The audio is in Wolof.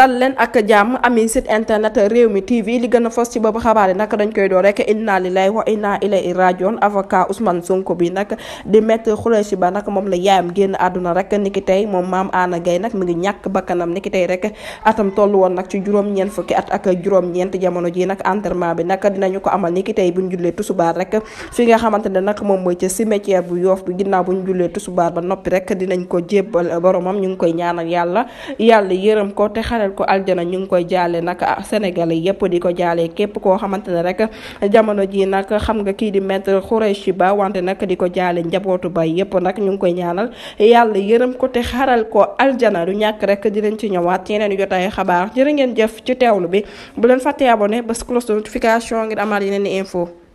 dal leen ak jàmm ami site internet réew mi tv li gën a fos ci boobu xabaar yi nag dañ koy door rek inna lillahi wa inna ilayhi rajiun avocat Ousmane Sonko bi Ba nag moom la yaayam génn àdduna rek niki tey moom maam Anna Gaye nag mi ngi ñàkk bakkanam niki tey rek atam toll woon nag ci juróom-ñeent fukki ak juróom-ñeent jamono ji nag enterrement bi nag dinañu ko amal niki tey bu ñu jullee tusubaar rek fi nga xamante ne nag moom mooy ca cimetière bu Yoff bi ginnaaw bu ñu jullee tusubaar ba noppi rek dinañ ko jébbal boromam ñu ngi koy ñaanal yàlla yàlla yërëm ko te xaral xaarel ko aljana ñu ngi koy jaale nag ah, sénégalais yépp di ko jaale képp koo xamante ne rek jamono ji nag xam nga kii di maître Khoureychi Ba wante nag di ko jaale njabootu ba yépp nag ñu ngi koy ñaanal yàlla yërëm ko te xaral ko aljana du ñàkk rek dinañ ci ñëwaat yeneen jotaay xabaar jërë ngeen jëf ci teewlu bi bu leen fàtte abonné bés cloche de notification ngir amaat yeneen info